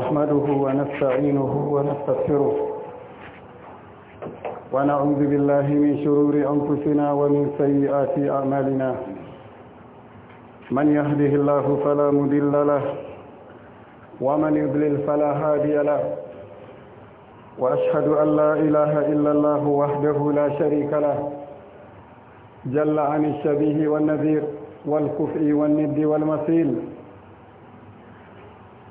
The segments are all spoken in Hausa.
نحمده ونستعينه ونستغفره ونعوذ بالله من شرور أنفسنا ومن سيئات أعمالنا من يهده الله فلا مضل له ومن يضلل فلا هادي له وأشهد أن لا إله إلا الله وحده لا شريك له جل عن الشبيه والنذير والكفء والند والمثيل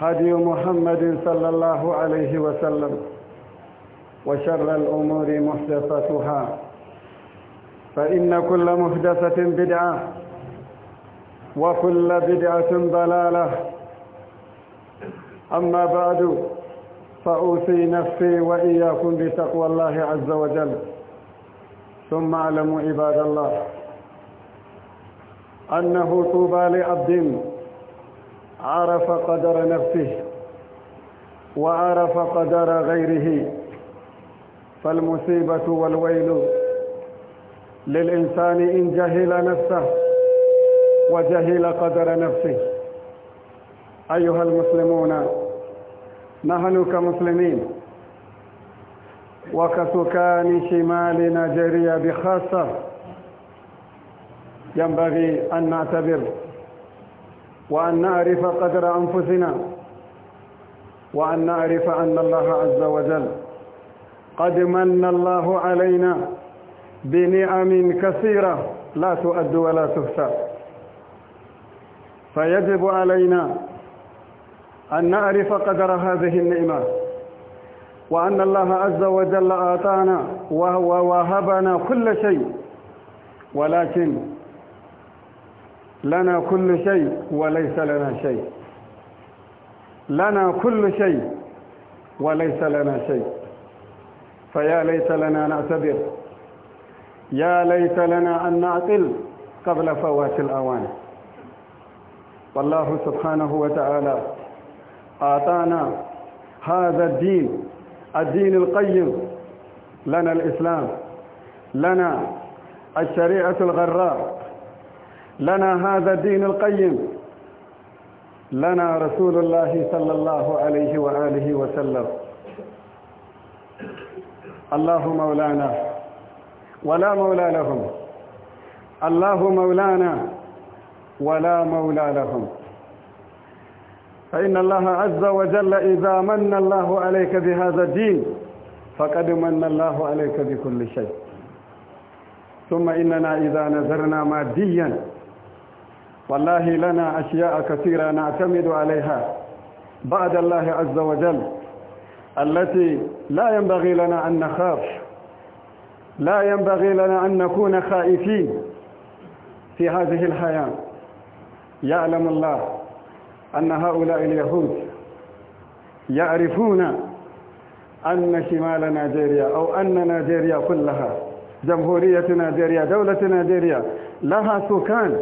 هدي محمد صلى الله عليه وسلم وشر الأمور محدثتها فإن كل محدثة بدعة وكل بدعة ضلالة أما بعد فأوصي نفسي وإياكم بتقوى الله عز وجل ثم اعلموا عباد الله أنه طوبى لعبد عرف قدر نفسه وعرف قدر غيره فالمصيبة والويل للإنسان إن جهل نفسه وجهل قدر نفسه أيها المسلمون نحن كمسلمين وكسكان شمال نيجيريا بخاصة ينبغي أن نعتبر وأن نعرف قدر أنفسنا وأن نعرف أن الله عز وجل قد من الله علينا بنعم كثيرة لا تؤد ولا تحصى فيجب علينا أن نعرف قدر هذه النعمة وأن الله عز وجل آتانا وهو وهبنا كل شيء ولكن لنا كل شيء وليس لنا شيء لنا كل شيء وليس لنا شيء فيا ليت لنا نعتبر يا ليت لنا أن نعقل قبل فوات الأوان والله سبحانه وتعالى أعطانا هذا الدين الدين القيم لنا الإسلام لنا الشريعة الغراء لنا هذا الدين القيم لنا رسول الله صلى الله عليه وآله وسلم الله مولانا ولا مولى لهم الله مولانا ولا مولى لهم فإن الله عز وجل إذا من الله عليك بهذا الدين فقد من الله عليك بكل شيء ثم إننا إذا نذرنا ماديا والله لنا أشياء كثيرة نعتمد عليها بعد الله عز وجل التي لا ينبغي لنا أن نخاف لا ينبغي لنا أن نكون خائفين في هذه الحياة يعلم الله أن هؤلاء اليهود يعرفون أن شمال نيجيريا أو أن نيجيريا كلها جمهورية نيجيريا دولة نيجيريا لها سكان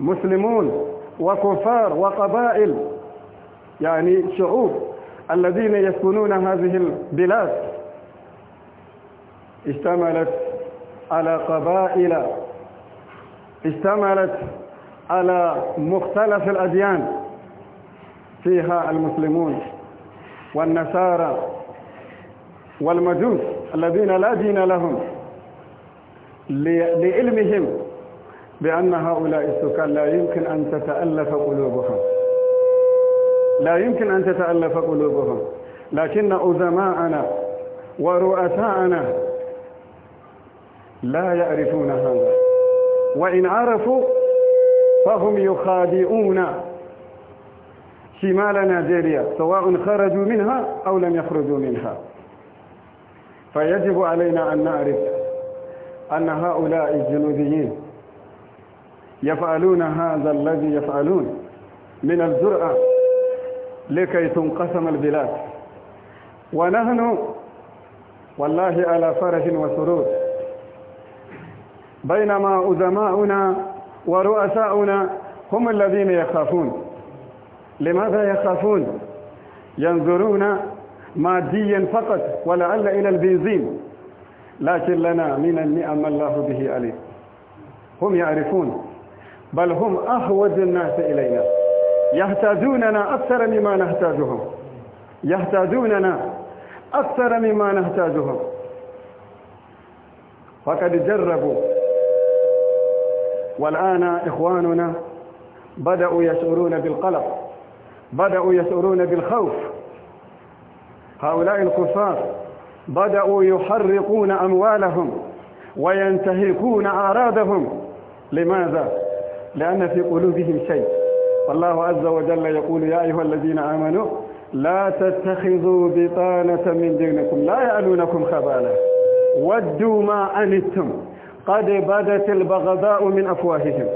مسلمون وكفار وقبائل يعني شعوب الذين يسكنون هذه البلاد اشتملت على قبائل اشتملت على مختلف الأديان فيها المسلمون والنصارى والمجوس الذين لا دين لهم لعلمهم بأن هؤلاء السكان لا يمكن أن تتألف قلوبهم لا يمكن أن تتألف قلوبهم لكن أزماءنا ورؤساءنا لا يعرفون هذا وإن عرفوا فهم يخادئون شمال نيجيريا سواء خرجوا منها أو لم يخرجوا منها فيجب علينا أن نعرف أن هؤلاء الجنوبيين يفعلون هذا الذي يفعلون من الجرأة لكي تنقسم البلاد ونحن والله على فرح وسرور بينما أزماؤنا ورؤساؤنا هم الذين يخافون لماذا يخافون ينظرون ماديا فقط ولعل إلى البنزين لكن لنا من النعم الله به عليه هم يعرفون بل هم أحوج الناس إلينا يحتاجوننا أكثر مما نحتاجهم يحتاجوننا أكثر مما نحتاجهم فقد جربوا والآن إخواننا بدأوا يشعرون بالقلق بدأوا يشعرون بالخوف هؤلاء الكفار بدأوا يحرقون أموالهم وينتهكون أعراضهم لماذا؟ لأن في قلوبهم شيء والله عز وجل يقول يا أيها الذين آمنوا لا تتخذوا بطانة من دينكم لا يعلونكم خبالا ودوا ما أنتم قد بدت البغضاء من أفواههم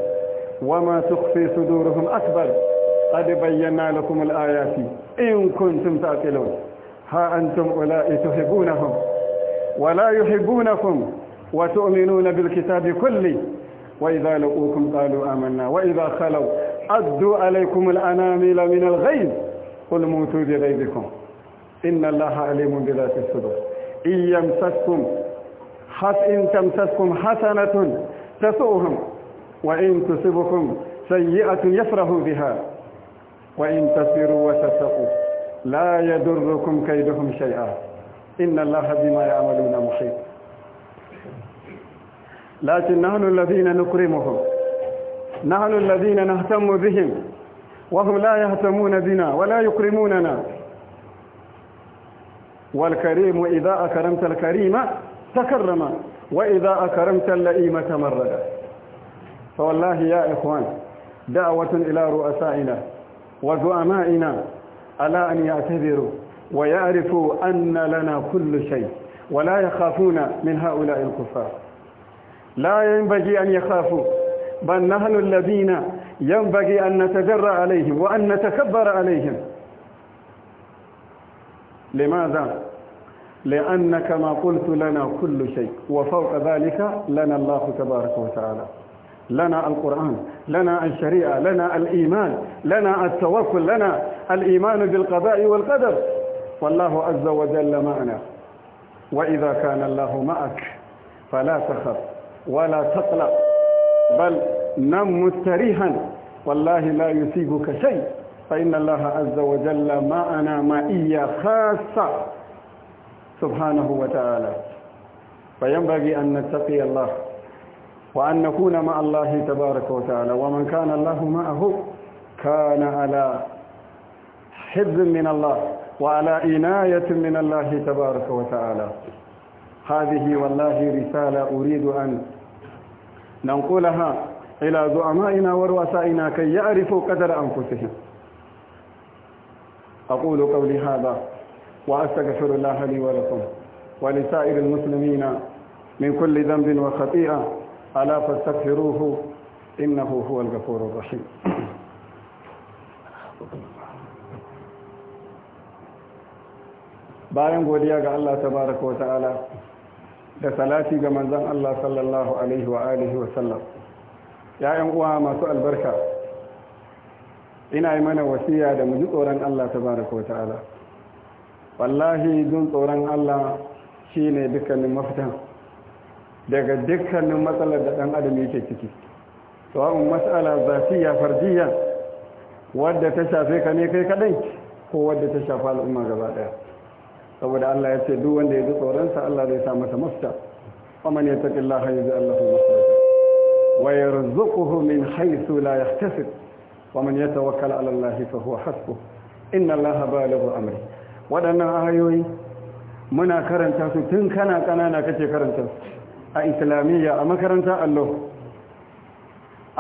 وما تخفي صدورهم أكبر قد بينا لكم الآيات إن كنتم تعقلون ها أنتم أولئك تحبونهم ولا يحبونكم وتؤمنون بالكتاب كله وإذا لقوكم قالوا آمنا وإذا خلوا أدوا عليكم الأنامل من الغيظ قل موتوا بغيظكم إن الله عليم بذات الصدور إن يمسسكم حس إن تمسسكم حسنة تسؤهم وإن تصبكم سيئة يفرحوا بها وإن تصبروا وتتقوا لا يضركم كيدهم شيئا إن الله بما يعملون محيط لكن نحن الذين نكرمهم نحن الذين نهتم بهم وهم لا يهتمون بنا ولا يكرموننا والكريم إذا أكرمت الكريم تكرم وإذا أكرمت اللئيم تمرد فوالله يا إخوان دعوة إلى رؤسائنا وزعمائنا على أن يعتذروا ويعرفوا أن لنا كل شيء ولا يخافون من هؤلاء الكفار لا ينبغي أن يخافوا بل نحن الذين ينبغي أن نتجرى عليهم وأن نتكبر عليهم لماذا؟ لأن كما قلت لنا كل شيء وفوق ذلك لنا الله تبارك وتعالى لنا القرآن لنا الشريعة لنا الإيمان لنا التوكل لنا الإيمان بالقضاء والقدر والله عز وجل معنا وإذا كان الله معك فلا تخف ولا تقلق بل نم مستريحا والله لا يصيبك شيء فإن الله عز وجل ما إيا خاصة سبحانه وتعالى فينبغي أن نتقي الله وأن نكون مع الله تبارك وتعالى ومن كان الله معه كان على حفظ من الله وعلى إناية من الله تبارك وتعالى هذه والله رسالة أريد أن Nan kula ha ila zo amma ina warwasa ina kai ya arifo kadar an kusuhi a kula kauli ha ba wa shirin lahari wa rasul wa nisa irin musulmi na min kulli zambin wa khati'a ala fastaghfiruhu innahu huwal ghafurur rahim bayan godiya ga Allah tabaaraka wa ta'ala da salati ga manzan Allah sallallahu alaihi wa alihi wa sallam ya'yan uwa masu albarka ina yi mana wasiya da mu ji tsoron Allah tabaraka wa ta'ala wallahi jin tsoron Allah shine dukkanin mafitan daga dukkanin matsalar da ɗan adam yake ciki sawa'un matsala zafiya farjiya wadda ta shafe ka ne kai kadai ko wadda ta shafa al'umma gaba ɗaya saboda Allah ya ce duk wanda ya ji tsoronsa Allah zai sa masa mafita faman ya taƙi Allah ya ji Allah mafita wa yarzuquhu min haythu la yahtasib waman yatawakkal ala Allah fa huwa hasbuh inna Allah balighu amri waɗannan ayoyi muna karanta su tun kana kanana kake karanta su a islamiyya a makaranta Allah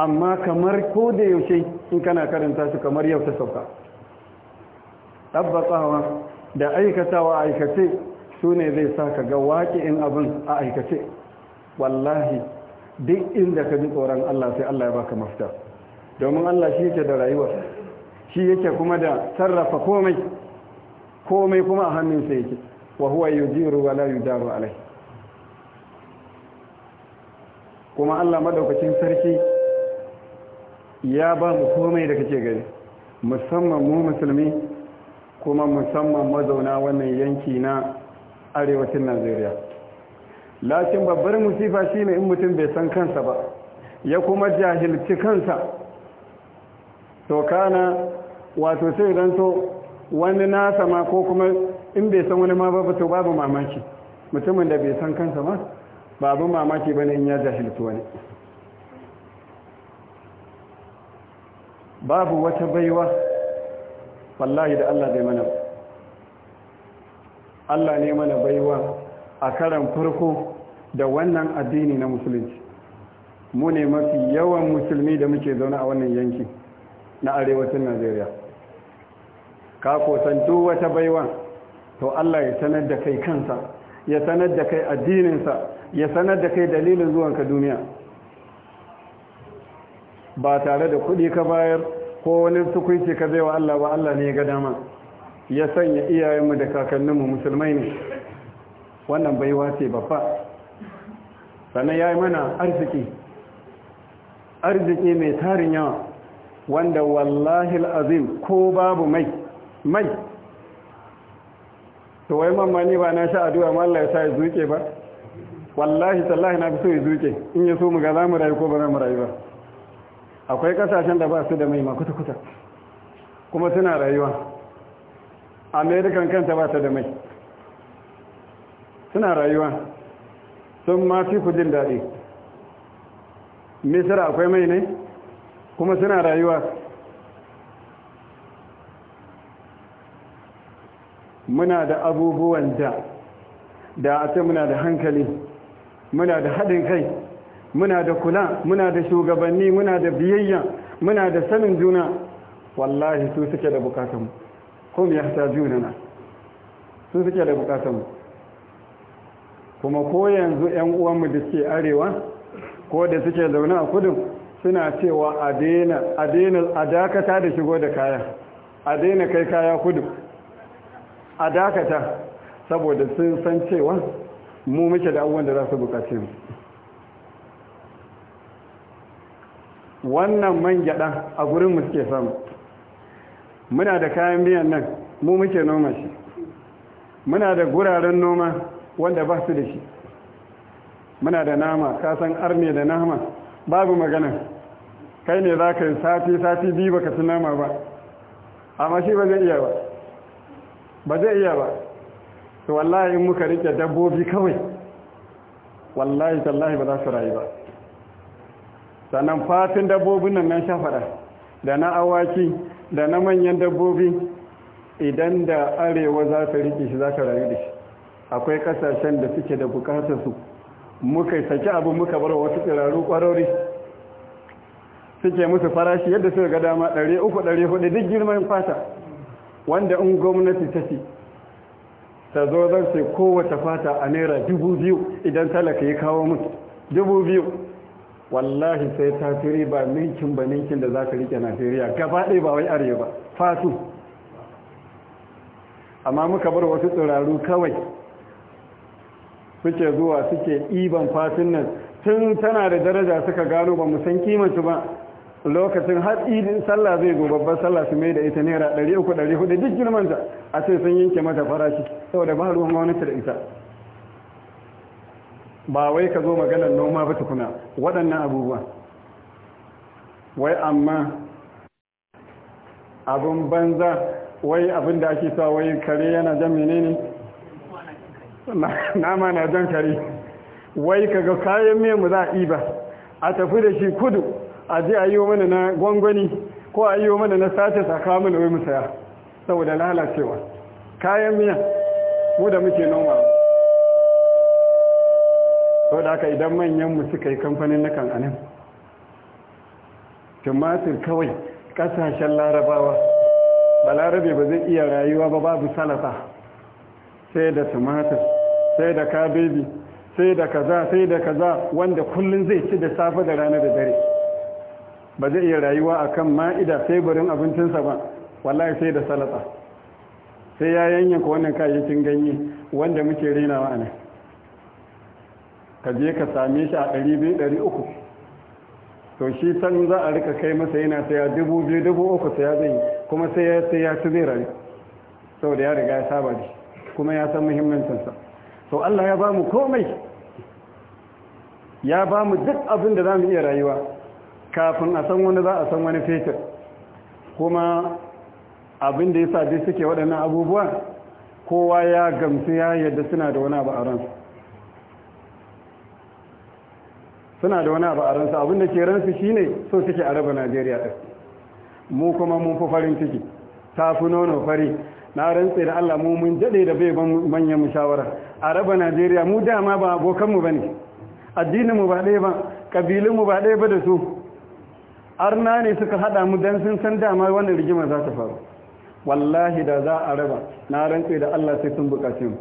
amma kamar ko da yaushe in kana karanta su kamar yau ta sauka tabbatawa da aikatawa aikace su ne zai sa ka ga waƙi'in abin a aikace wallahi duk inda ka ji tsoron Allah sai Allah ya baka mafita domin Allah shi yake da rayuwa, shi yake kuma da sarrafa komai komai kuma a hannunsa yake wa huwa yujiru wa la yujaru alai kuma Allah madaukakin sarki ya ba mu komai da kake gani musamman mu musulmi kuma musamman mazauna wannan yanki na arewacin najeriya lakin babbar musifa shine in mutum bai san kansa ba ya kuma jahilci kansa to kana wato sai ranto wani nasa ma ko kuma in bai san wani ma ba to babu mamaki mutumin da bai san kansa ma babu mamaki bane in ya jahilci wani babu wata baiwa wallahi da Allah zai mana Allah ne mana baiwa a karan farko da wannan addini na musulunci mu ne mafi yawan musulmi da muke zaune a wannan yanki na arewacin Najeriya ka san duk wata baiwa to Allah ya sanar da kai kansa ya sanar da kai addininsa ya sanar da kai dalilin zuwanka duniya ba tare da kuɗi ka bayar ko wani sukuci ka zai wa Allah ba Allah ne ya ga dama ya sanya iyayenmu da kakanninmu musulmai ne wannan wace ba babba sannan ya yi mana arziki arziki mai tarin yawa wanda wallahi azim ko babu mai mai to wai mamani ba na sha addu'a ma Allah ya sa ya zuke ba wallahi tallahi na fi so ya zuke in ya so mu ga za mu rayu ko ba za mu rayu ba akwai kasashen da ba su da mai makuta-kuta kuma suna rayuwa amerikan kanta ba ta da mai suna rayuwa sun mafi jin daɗi misira akwai mai ne kuma suna rayuwa muna da abubuwan da da a muna da hankali muna da haɗin kai muna da kula muna da shugabanni muna da biyayya muna da sanin juna wallahi su suke da bukatanmu kuma ya sa junana su suke da bukatanmu kuma ko yanzu 'yan uwanmu da ke arewa ko da suke zaune a kudu suna cewa a dakata da shigo da kaya a daina kai kaya kudu a dakata saboda sun san cewa mu muke da abubuwan da za su bukace mu wannan man gyaɗa a gurin mu suke samu muna da kayan miyan nan mu muke noma shi muna da guraren noma wanda ba su da shi muna da nama kasan arne da nama babu magana kai ne za ka yi sati-sati biyu baka su nama ba amma shi ba zai iya ba ba zai iya ba to wallahi in muka rike dabbobi kawai wallahi tallahi ba za su rayu ba sannan fatin dabbobin nan nan shafaɗa da na awaki da na manyan dabbobi idan da arewa za ta riƙe shi za ta rayu da shi akwai ƙasashen da suke da bukatar su muka saki abin muka bar wasu tsiraru ƙwarori suke musu farashi yadda suka ga dama 300-400 duk girman fata wanda in gwamnati ta ce ta zo zan sai kowace fata a naira 2000 idan talaka ya kawo musu 2000 wallahi sai ta fi ba ninkin ba ninkin da za ka rike najeriya gaba ɗaya ba wai arewa fatu amma muka bar wasu tsiraru kawai suke zuwa suke iban fatun nan tun tana da daraja suka gano ba mu san kimanci ba lokacin har idin sallah zai zo babban sallah su mai da ita naira 300 400 duk girmanta a sai sun yanke mata farashi saboda ba ruwan gwamnati da ita ba wai ka zo maganar noma ba tukuna waɗannan abubuwa wai amma abin banza wai abin da ake sa wai kare yana jan menene nama na jan kare wai ka ga kayan mu za a iba a tafi da shi kudu a je a yi wa mana na gwangwani ko a yi wa mana na sace saka mana wai musaya saboda lalacewa kayan miya mu da muke noma sau da aka idan manyanmu suka yi kamfanin nakan anan tumatir kawai kasashen larabawa ba larabe ba zai iya rayuwa ba babu salata sai da tumatir sai da kabebi sai da kaza sai da kaza wanda kullum zai ci da safe da rana da dare ba zai iya rayuwa a kan ma'ida sai barin abincinsa ba wallahi sai da salata sai ya yanyanka wannan kayayyakin ganye wanda muke renawa a ka je ka same shi a 200-300 to shi san za a rika kai masa yana saya 2,000-3,000 saya zai kuma sai ya sai ya ci zai sau da ya riga ya saba da kuma ya san muhimmancinsa to Allah ya ba mu komai ya ba mu duk abin da za mu iya rayuwa kafin a san wani za a san wani fetur kuma abin da ya sa bi suke waɗannan abubuwa kowa ya gamsu ya yadda suna da wani abu a ransu suna da wani abu a ransu abin da ke ransu shine so suke a raba najeriya ɗin mu kuma mun fi farin ciki ta fi nono fari na rantse da allah mu mun daɗe da bai manyan mu shawara a raba najeriya mu dama ba abokanmu ba ne addininmu ba ɗaya ba ƙabilinmu ba ɗaya ba da su arna ne suka haɗa mu don sun san dama wannan rigima za ta faru wallahi da za a raba na rantse da allah sai sun buƙaci mu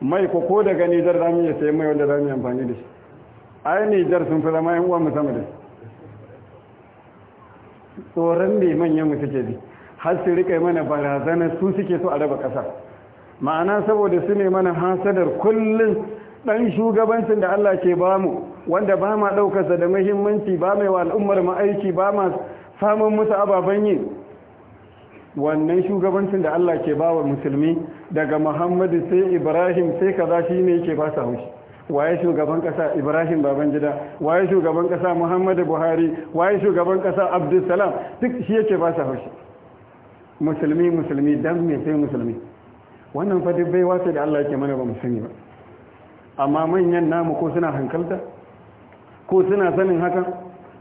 mai ko ko daga nijar za ya iya sayi mai wanda za yi amfani da shi ai nijar sun fi zama yan uwan mu da tsoron ne manyan mu suke bi har su rika mana barazana su suke so a raba ƙasa ma'ana saboda su ne mana hasadar kullum ɗan shugabancin da Allah ke ba mu wanda ba ma ɗaukarsa da muhimmanci ba mai wa al'ummar ma'aiki ba ma samun musu ababen yi wannan shugabancin da Allah ke ba wa musulmi daga Muhammadu sai Ibrahim sai kaza shi ne yake ba sa haushi waye shugaban kasa ibrahim babangida waye shugaban kasa muhammadu buhari waye shugaban kasa abdulsalam duk shi yake ba sa haushi musulmi musulmi dan me sai musulmi wannan fa duk bai sai da Allah yake mana ba mu sani ba amma manyan namu ko suna hankalta ko suna sanin haka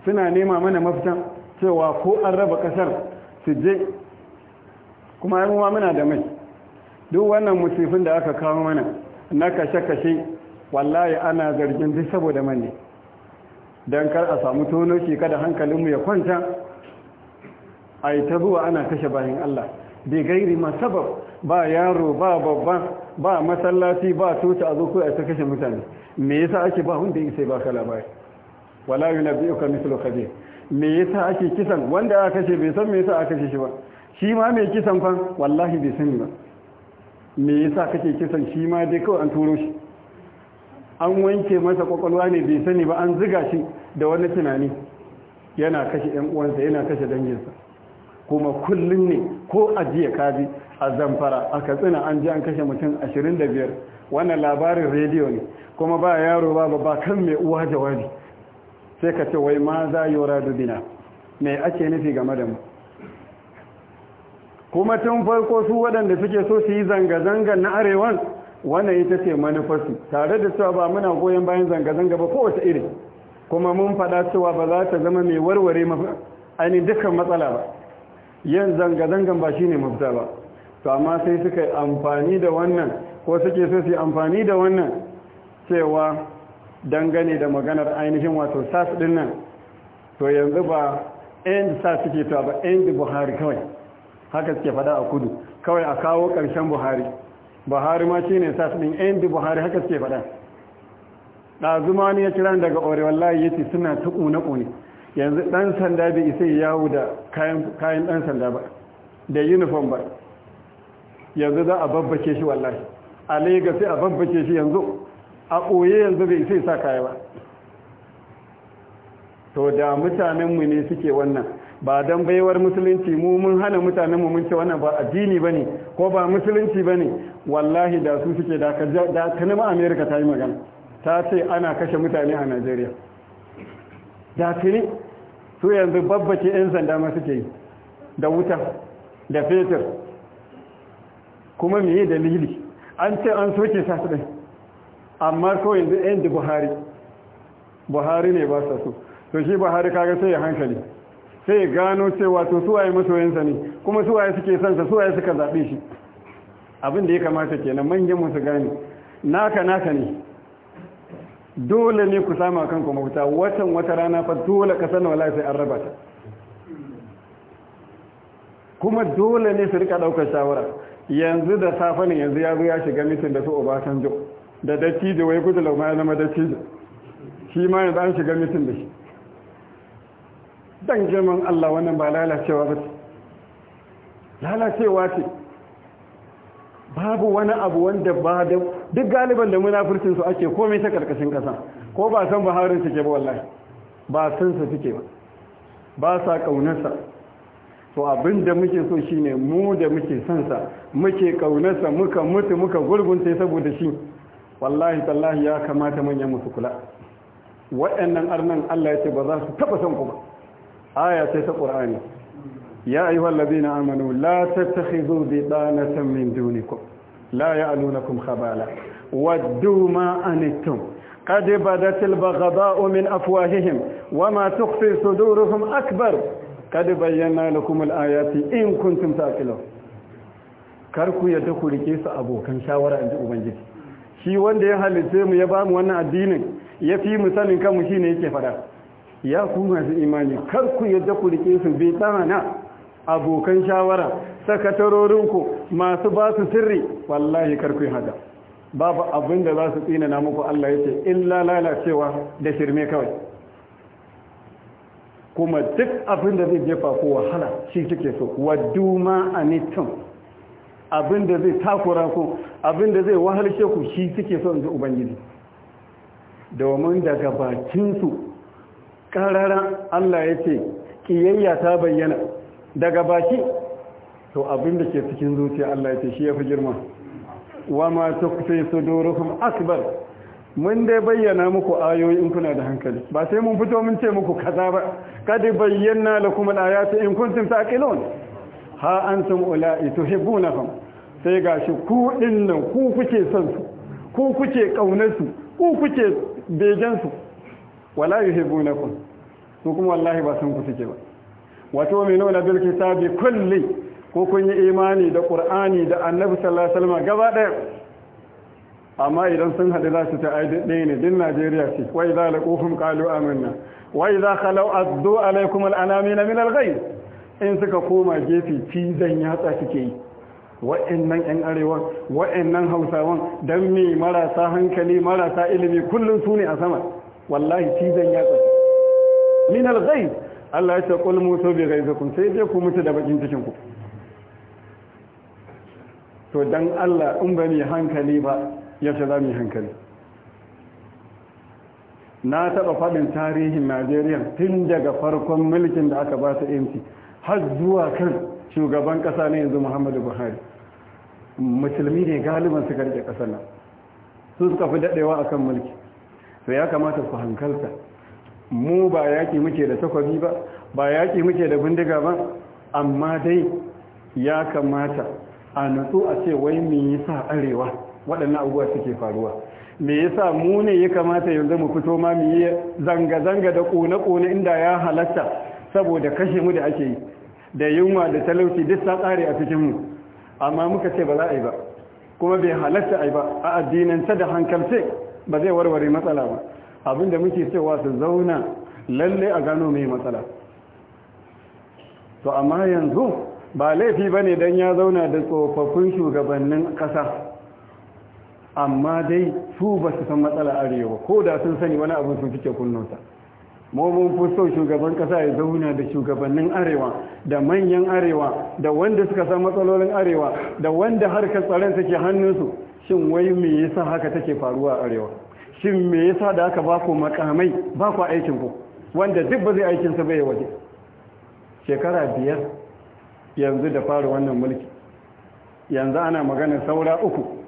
suna nema mana mafita cewa ko an raba kasar su je kuma yan muna da mai duk wannan musifin da aka kawo mana na kashe-kashe wallahi ana zargin duk saboda mani don kar a samu tono shi kada hankalinmu ya kwanta a yi ta ana kashe bayan Allah bai gairi masabab ba yaro ba babba ba masallaci ba tuta a zuku a kashe mutane me yasa ake ba wanda isai ba ka labari biyu kan mithlu kaje me yasa ake kisan wanda aka kashe bai san me yasa aka kashe shi ba shi ma mai kisan fa wallahi bai sani ba me yasa kake kisan shi ma dai kawai an turo shi an wanke masa kwakwalwa ne bai sani ba an ziga shi da wani tunani yana kashe yan uwansa yana kashe danginsa kuma kullum ne ko ajiya kaji a zamfara a katsina an ji an kashe mutum 25 wannan labarin rediyo ne kuma ba yaro ba ba kan mai uwa jawabi sai ka ce wai ma za yi wa dubina mai ake nufi game da mu kuma tun farko su waɗanda suke so su yi zanga-zangan na arewan wannan ita ce manufarsu tare da cewa ba muna goyon bayan zanga-zanga ba kowace iri kuma mun faɗa cewa ba za ta zama mai warware ainihin dukkan matsala ba yin zanga-zangan ba shine mafita ba to amma sai suka yi amfani da wannan ko suke so su yi amfani da wannan cewa dangane da maganar ainihin wato sas ɗin nan to yanzu ba end sas suke ta ba end buhari kawai haka suke faɗa a kudu kawai a kawo ƙarshen buhari buhari ma shi ne sas ɗin yan da buhari haka suke faɗa ɗazuma ne ya kira daga ore wallahi ya ce suna ta ƙune-ƙune yanzu ɗan sanda bai isa yawo da kayan ɗan sanda ba da uniform ba yanzu za a babbace shi wallahi a lagos sai a babbace shi yanzu a ƙoye yanzu bai isa sa kaya ba to da mutanenmu ne suke wannan ba don baiwar musulunci mu mun hana mutanenmu mun ce wannan ba addini ba ne ko ba musulunci ba ne wallahi da su suke da ta nema amerika ta yi magana ta ce ana kashe mutane a najeriya da tuni su yanzu babbace 'yan sanda ma ke yi da wuta da fetur kuma me dalili an ce an soke sa amma ko yanzu 'yan da buhari buhari ne ba su so shi buhari kaga sai ya hankali sai gano cewa to suwaye masoyansa ne kuma suwaye suke son sa suwaye suka zabe shi abin da ya kamata kenan manyan mu su gane naka naka ne dole ne ku sama kanku mafita watan wata rana fa dole ka sanar wallahi sai an raba ta kuma dole ne su rika daukar shawara yanzu da safe ne yanzu ya zo ya shiga mitin da su sanjo da dattijo wai gudu lauma ya zama dattijo shi ma yanzu an shiga mitin da shi dan girman Allah wannan ba lalacewa ba ce lalacewa ce babu wani abu wanda ba da duk galiban da munafurcin su ake komai ta karkashin kasa ko ba san buharin suke ba wallahi ba san su suke ba ba sa kaunarsa to abin da muke so shine mu da muke son sa muke kaunarsa muka mutu muka gurgunta saboda shi wallahi tallahi ya kamata manyan musu kula waɗannan arnan Allah ya ce ba za su taba son ku ba aya ce ta qur'ani ya ayyuhal na amanu la tattakhidhu san min dunikum la ya'lunakum khabala waddu ma anittum قد بدت البغضاء من أفواههم وما تخفي صدورهم أكبر قد بينا لكم الآيات إن كنتم تأكلون karku ya ta kurike su abokan shawara inji ubangiji shi wanda ya halitta mu ya ba mu wannan addinin ya fi mu sanin kanmu shine yake fada ya ku masu imani kar ku yadda ku rike su bai tsana abokan shawara sakatarorinku masu ba su sirri wallahi kar ku hada babu abin da za su tsina na muku Allah ya ce illa lalacewa da shirme kawai kuma duk abin da zai jefa ku wahala shi suke so waddu ma nitin. abin da zai takura ku abin da zai wahalce ku shi suke so in ji ubangiji domin daga bakinsu Ƙararren Allah ya ce ƙiyayya ta bayyana daga baki to abin ke cikin zuciya Allah ya ce shi ya fi girma wa ma doro, kuma asibar mun dai bayyana muku ayoyi in kuna da hankali ba sai mun fito mun ce muku kaza ba kadi bayyana ya ce in kuntum ƙilon ha an antum na tuhibbunahum sai ga shi ku nan, ku kuke son su ku kuke ƙaunarsu su ku kuke bejansu wala yuhibbunakum su kuma wallahi ba san ku ke ba wato mai nuna bil kulli ko kun yi imani da ƙur'ani da annabi sallallahu alaihi wasallam gaba ɗaya amma idan sun haɗu za su ta ɗaya ne din Najeriya ce wai za laquhum qalu amina? wai za khalau addu alaikum al'anamina min al in suka koma gefe cizon yatsa suke yi wa'annan 'yan arewa wa'annan hausawan don me marasa hankali marasa ilimi kullum su ne a sama wallahi cizon ya tsaye min al Allah ya ce qul mutu bi kun sai dai ku mutu da bakin cikinku to dan Allah in ba mai hankali ba ya ce za mu hankali na taɓa faɗin tarihin Najeriya tun daga farkon mulkin da aka ba ta MC har zuwa kan shugaban ƙasa na yanzu Muhammadu Buhari musulmi ne galiban suka rike kasar nan su suka fi a kan mulki to ya kamata su hankalta mu ba yaki muke da takwabi ba ba yaki muke da bindiga ba amma dai ya kamata a nutsu a ce wai yi yasa arewa waɗannan abubuwa suke faruwa me yasa mu ne ya kamata yanzu mu fito ma mu yi zanga-zanga da ƙone-ƙone inda ya halatta saboda kashe mu da ake yi da yunwa da talauci duk ta tsari a cikin mu amma muka ce ba za a yi ba kuma bai halatta a yi ba a addinance da hankalce ba zai warware matsala ba abinda muke cewa su zauna lalle a gano mai matsala to amma yanzu ba laifi ba ne don ya zauna da tsofaffin shugabannin ƙasa amma dai su ba su san matsala arewa ko da sun sani wani abin sun fice kunnota momin fuso shugaban kasa ya zauna da shugabannin arewa da manyan arewa da wanda suka san matsalolin arewa da wanda harkar tsaron suke hannunsu shin wai me yasa haka take faruwa a arewa shin me yasa da aka ba ku makamai ba ku aikin ku wanda duk ba zai aikin sa bai waje shekara biyar yanzu da fara wannan mulki yanzu ana magana saura uku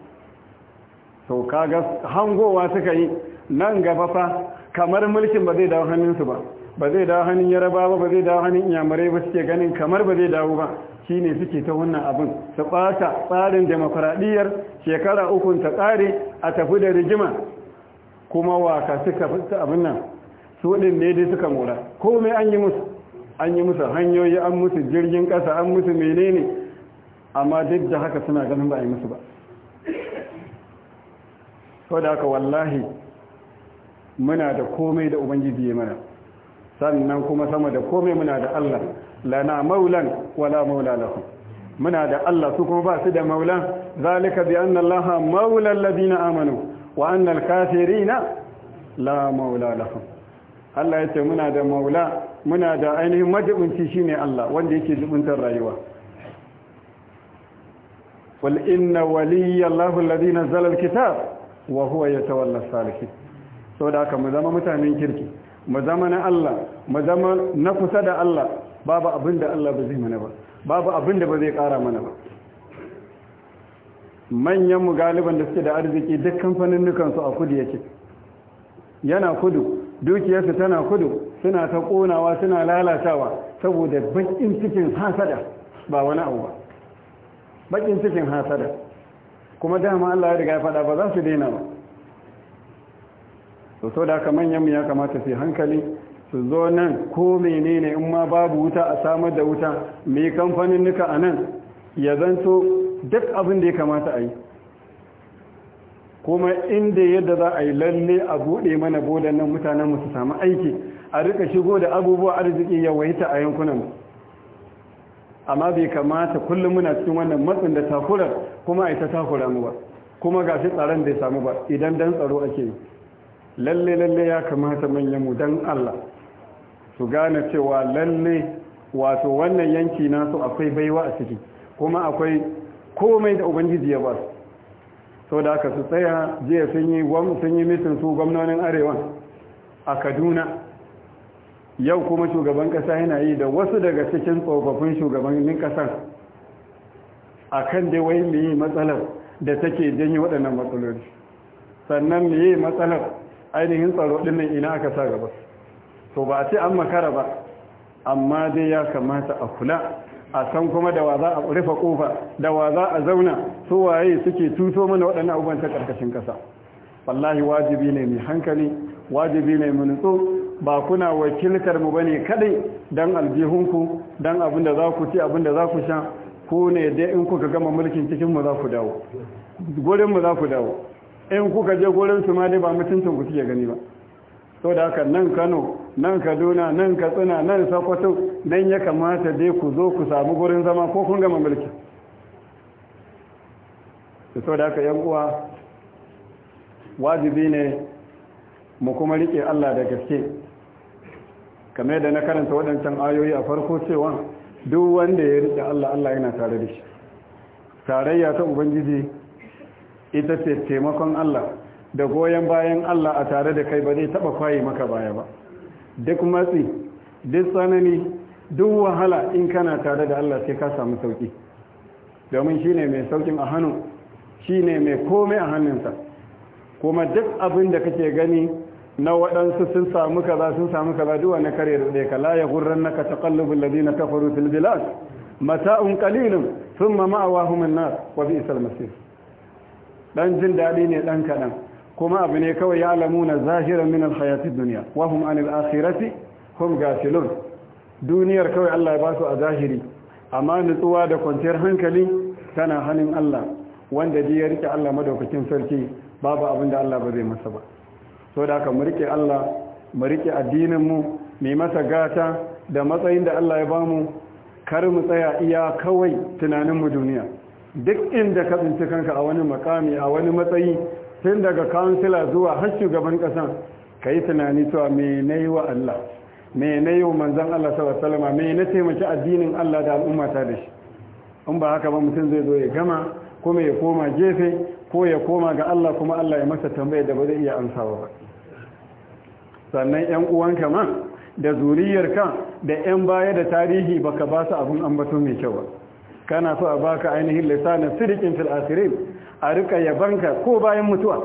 to kaga hangowa suka yi nan gaba fa kamar mulkin ba zai dawo hannunsu ba ba zai dawo hannun Yarabawa ba ba zai dawo hannun inyamurai ba suke ganin kamar ba zai dawo ba Shi ne suke ta wannan abin su ɓata tsarin demokuraɗiyar shekara ukun ta ƙare a tafi da rigima kuma waka suka fita abin nan su ɗin ne dai suka mura komai an yi musu an yi musu hanyoyi an musu jirgin ƙasa an musu menene amma duk da haka suna ganin ba a yi musu ba sau da haka wallahi muna da komai da ubangiji ya mana sannan kuma sama da komai muna da allah lana maulan wala maula lahum muna da Allah su kuma ba su da maula zalika bi anna allaha maula alladhina amanu wa anna alkafirina la maula lahum Allah yace muna da maula muna da ainihin majibunci shine Allah wanda yake jibuntar rayuwa qul inna waliyya allahu alladhi nazzala alkitab wa huwa yatawalla salihin saboda haka mu zama mutanen kirki mu zama na Allah mu zama na kusa da Allah babu abin da Allah ba zai mana ba babu abin da ba zai kara mana ba manyan mu galiban da suke da arziki duk kamfanin nukansu a kudu yake yana kudu dukiyarsu tana kudu suna ta konawa suna lalatawa saboda bakin cikin hasada ba wani abu ba bakin cikin hasada kuma dama Allah ya riga ya faɗa ba za su daina ba to so da haka manyan ya kamata su yi hankali su zo nan ko menene in ma babu wuta a samar da wuta mai kamfanin nuka a nan ya zanto duk abin da ya kamata a yi kuma inda yadda za a yi lalle a buɗe mana bodan nan mutanen su samu aiki a rika shigo da abubuwa arziki yawaita a yankunan amma bai kamata kullum muna cikin wannan matsin da takurar kuma a ta takura mu ba kuma ga shi tsaron ya samu ba idan dan tsaro ake yi lalle lalle ya kamata manyan mu dan Allah su gane cewa lalle wato wannan yanki nasu akwai baiwa a ciki kuma akwai komai da ubangiji ya ba su sau da aka su tsaya jiya sun yi mitin su gwamnonin arewa a kaduna yau kuma shugaban kasa yana yi da wasu daga cikin tsofaffin shugabannin kasa a kan dai wai mu yi matsalar da take janyi waɗannan matsaloli sannan mu yi matsalar ainihin tsaro ɗinnan ina aka sa gaba to ba a ce an makara ba amma dai ya kamata a kula a san kuma da wa za a rufe kofa da wa za a zauna su waye suke tuto mana waɗannan abubuwan ta ƙarƙashin ƙasa wallahi wajibi ne mai hankali wajibi ne mai nutso ba kuna wakiltar mu bane kadai dan aljihunku dan abin da za ku ci abin da za ku sha ko ne dai in kuka gama mulkin cikin mu za ku dawo gurin mu za ku dawo in kuka je gurin su ma dai ba mutuncin ku suke gani ba saboda haka nan Kano nan kaduna nan katsina nan sokoto nan ya kamata dai ku zo ku samu gurin zama ko kun gama mulki da da aka yan uwa wajibi ne mu kuma rike allah da gaske kamar da na karanta waɗancan ayoyi a farko cewa duk wanda ya rike allah allah yana tare da shi tarayya ta ubangiji ita ce taimakon allah da goyon bayan allah a tare da kai ba zai taba kwaye maka baya ba duk matsi duk tsanani duk wahala in kana tare da Allah sai ka samu sauki domin shine mai saukin a hannu shine mai komai a hannunsa kuma duk abin da kake gani na waɗansu sun samu kaza sun samu kaza duwa na kare da ka la ya gurran naka labi na kafaru fil bilad mata'un sun thumma ma'awahum an nas wa isar masir ɗan jin daɗi ne ɗan kaɗan. kuma abu ne kawai ya na zahiran min hayatun duniya wahum anil akhirati hum gafilun duniyar kawai Allah ya ba su a zahiri amma nutsuwa da kwanciyar hankali tana hannun Allah wanda ji ya rike Allah madaukakin sarki babu abin da Allah ba zai masa ba so da haka mu rike Allah mu rike addinin mu mai masa gata da matsayin da Allah ya bamu kar mu tsaya iya kawai tunanin mu duniya duk inda ka tsinci kanka a wani makami a wani matsayi tun daga kansila zuwa har shugaban kasan ka yi tunani cewa me na yi wa Allah me na yi wa manzan Allah salama me na taimaki addinin Allah da al'ummata da shi in ba haka ba mutum zai zo ya gama kuma ya koma gefe ko ya koma ga Allah kuma Allah ya masa tambaya da ba zai iya amsawa ba sannan yan uwanka ma da ka da yan baya da tarihi baka ba su abin ambato mai kyau ba kana so a baka ainihin lisanin sirikin fil asirin a rika yabanka ko bayan mutuwa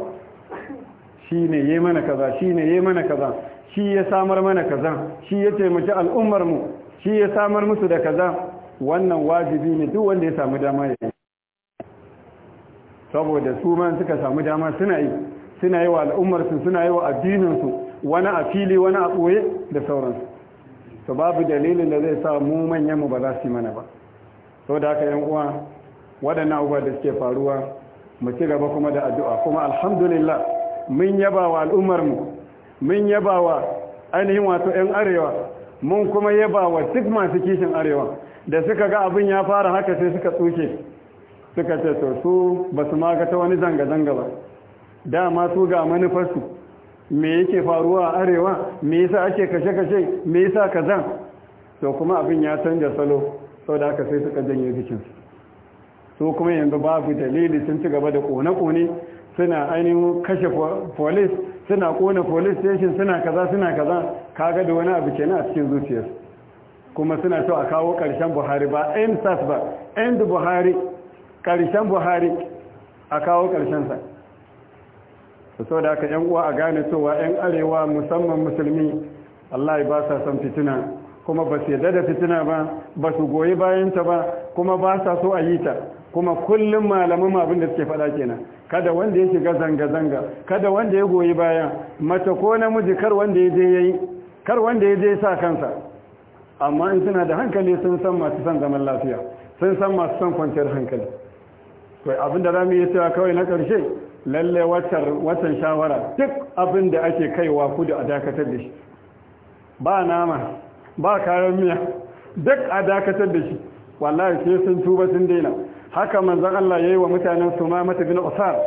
shi ne yi mana kaza shi ne yi mana kaza shi ya samar mana kaza shi ya taimaki al'ummarmu shi ya samar musu da kaza wannan wajibi ne duk wanda ya samu dama ya yi saboda su ma suka samu dama suna yi suna yi wa al'ummarsu suna yi wa addininsu wani a fili wani a ɓoye da sauransu to babu dalilin da zai sa mu manyanmu ba za su yi mana ba sau da haka uwa waɗannan abubuwa da suke faruwa mu ci gaba kuma da addu'a kuma alhamdulillah mun yaba wa al'ummar mu mun yaba wa ainihin wato 'yan arewa mun kuma yaba wa duk masu kishin arewa da suka ga abin ya fara haka sai suka tsuke suka ce to su ba su maga ta wani zanga-zanga ba dama su ga manufarsu me yake faruwa a arewa me yasa ake kashe-kashe me yasa zan to kuma abin ya canja salo sau da haka sai suka janye jikinsu su kuma yanzu babu dalili sun ci gaba da kone-kone suna ainihin kashe polis suna kone polis station suna kaza suna kaza kaga da wani abu kenan a cikin zuciyar kuma suna so a kawo karshen buhari ba end sas ba end buhari karshen buhari a kawo karshensa so da aka yan uwa a gane cewa yan arewa musamman musulmi allah ba sa son fitina kuma ba su yadda da fitina ba ba su goyi bayanta ba kuma ba sa so a yi ta kuma kullum malaman abin da suke faɗa kenan kada wanda ya shiga zanga-zanga kada wanda ya goyi bayan mace ko namiji kar wanda ya je yayi kar wanda ya je sa kansa amma in suna da hankali sun san masu son zaman lafiya sun san masu son kwanciyar hankali to abin da zamu yi cewa kawai na karshe lalle watan shawara duk abin da ake kaiwa ku a dakatar da shi ba nama ba kayan miya duk a dakatar da shi wallahi sai sun tuba sun daina haka manzan Allah ya yi wa mutanen su ma mata bin Usar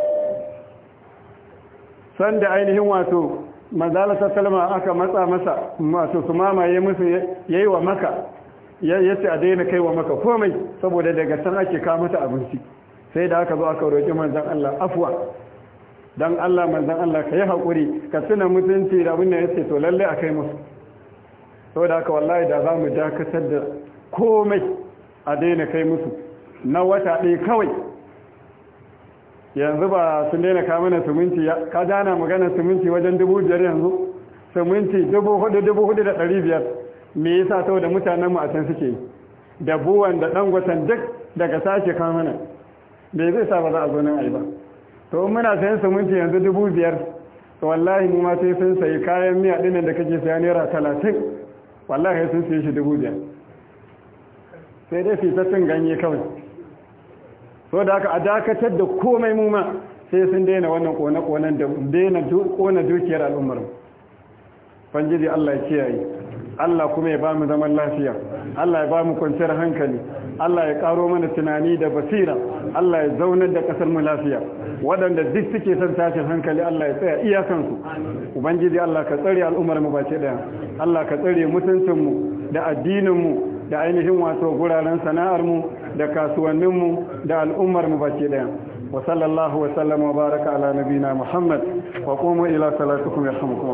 da ainihin wato manzala sallama aka matsa masa wato su mama yayi musu yayi wa maka yace a daina kai wa maka komai saboda daga san ake ka mata abinci sai da aka zo aka roki manzan Allah afwa dan Allah manzan Allah ka yi haƙuri ka tuna mutunci da abin da ya ce to lalle a kai musu saboda haka wallahi da za mu dakatar da komai a daina kai musu na wata ɗaya kawai yanzu ba sun daina kamuna suminti ka jana magana suminti wajen dubu biyar yanzu suminti dubu hudu dubu hudu da ɗari biyar me yasa saboda mutanen mu a can suke da buwan da dangwatan duk daga sashe kamuna da zai sa ba za a zo nan ai ba to muna sayan suminti yanzu dubu biyar wallahi mu ma sai sun sayi kayan miya dinnan da kake saya naira talatin wallahi sun sayi shi dubu biyar sai dai fitattun ganye kawai so da aka a dakatar da komai mu sai sun daina wannan kone-konen da daina kona dukiyar al'ummar fangiji Allah ya kiyaye Allah kuma ya ba mu zaman lafiya Allah ya ba mu kwanciyar hankali Allah ya karo mana tunani da basira Allah ya zaunar da kasar mu lafiya waɗanda duk suke son tashin hankali Allah ya tsaya iyakansu ubangiji Allah ka tsare al'ummar mu bace daya Allah ka tsare mutuncin mu da addinin mu da ainihin wato guraren sana'ar mu da kasuwannin mu da al'ummarmu baki daya wa sallallahu wa sallama wa baraka ala nabina muhammad wa qumu ila salatikum yarhamukum